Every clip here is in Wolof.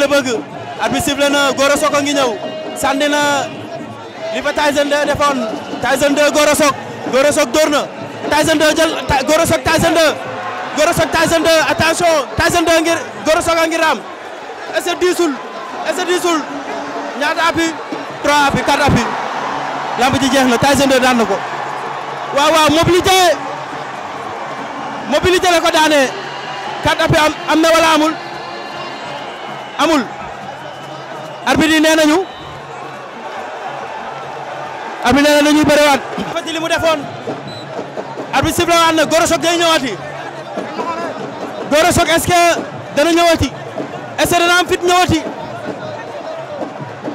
la bëgg arbitre sifflé na Gora Sock a ngi ñëw sànni na li fa Tyson 2 defoon Tyson 2 Gora Sock Gora Sock dóor na Tyson 2 jël Gora Sock Tyson 2 Gora Sock Tyson 2 attention ngi raam est diisul est diisul ñaata appui 3 appui 4 appui lamb ji jeex na daan na ko waaw waaw mobilité mobilité ko daanee 4 appui am am wala amul amul arbitre yi nee nañu arbitre nee na dañuy bëriwaat defoon arbitre sifflé na Gora Sock day ñëwaati Gora que dana ñëwaati est que dana am fit ñëwaati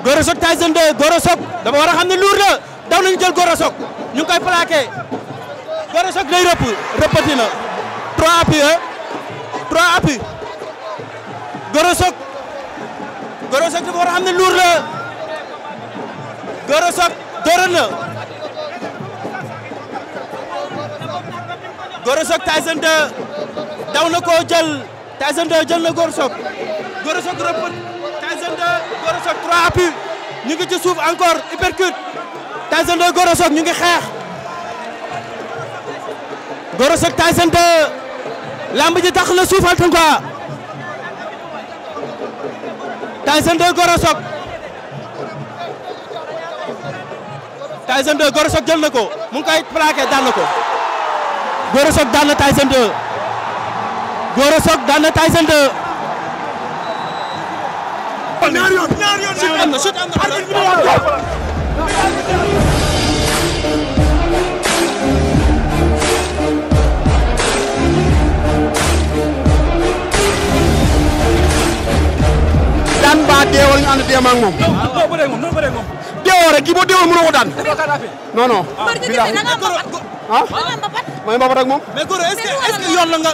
Gora Sock Tyson dafa war xam ne luur la daw nañu jël Gora Sock ñu ngi koy plaqué day rëpp rëppati na trois appuis trois appuis Gora Sock Sock dafa war a xam ne luur la Gora Sock dóoran na Gora Sock Tyson na koo jël Tyson 2 jël na Gora Sock Gora Sock rëpp Tyson ñu ngi ci suuf encore uppercut Tyson 2 Gora Sock ñu ngi xeex Gora Sock Tyson 2 lamb ji tax la suufal tan quoi Tyson 2 Gora Sock Tyson 2 jël na ko mu ngi koy plaqué daan na ko Gora Sock daan na Tyson 2 Gora Sock daan na Tyson 2. naa ne dee ma ak moom. waaw bëree moom noonu bëree moom. deewoo rek kii boo deewul mënoo ko daan. non non. ah, ah? may mbapat ak moom. mais góor est-ce que est-ce que yoon la nga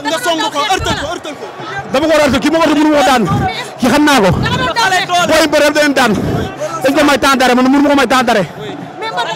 nga a may temps d'arrêt man mënu ko may temps d'arrêt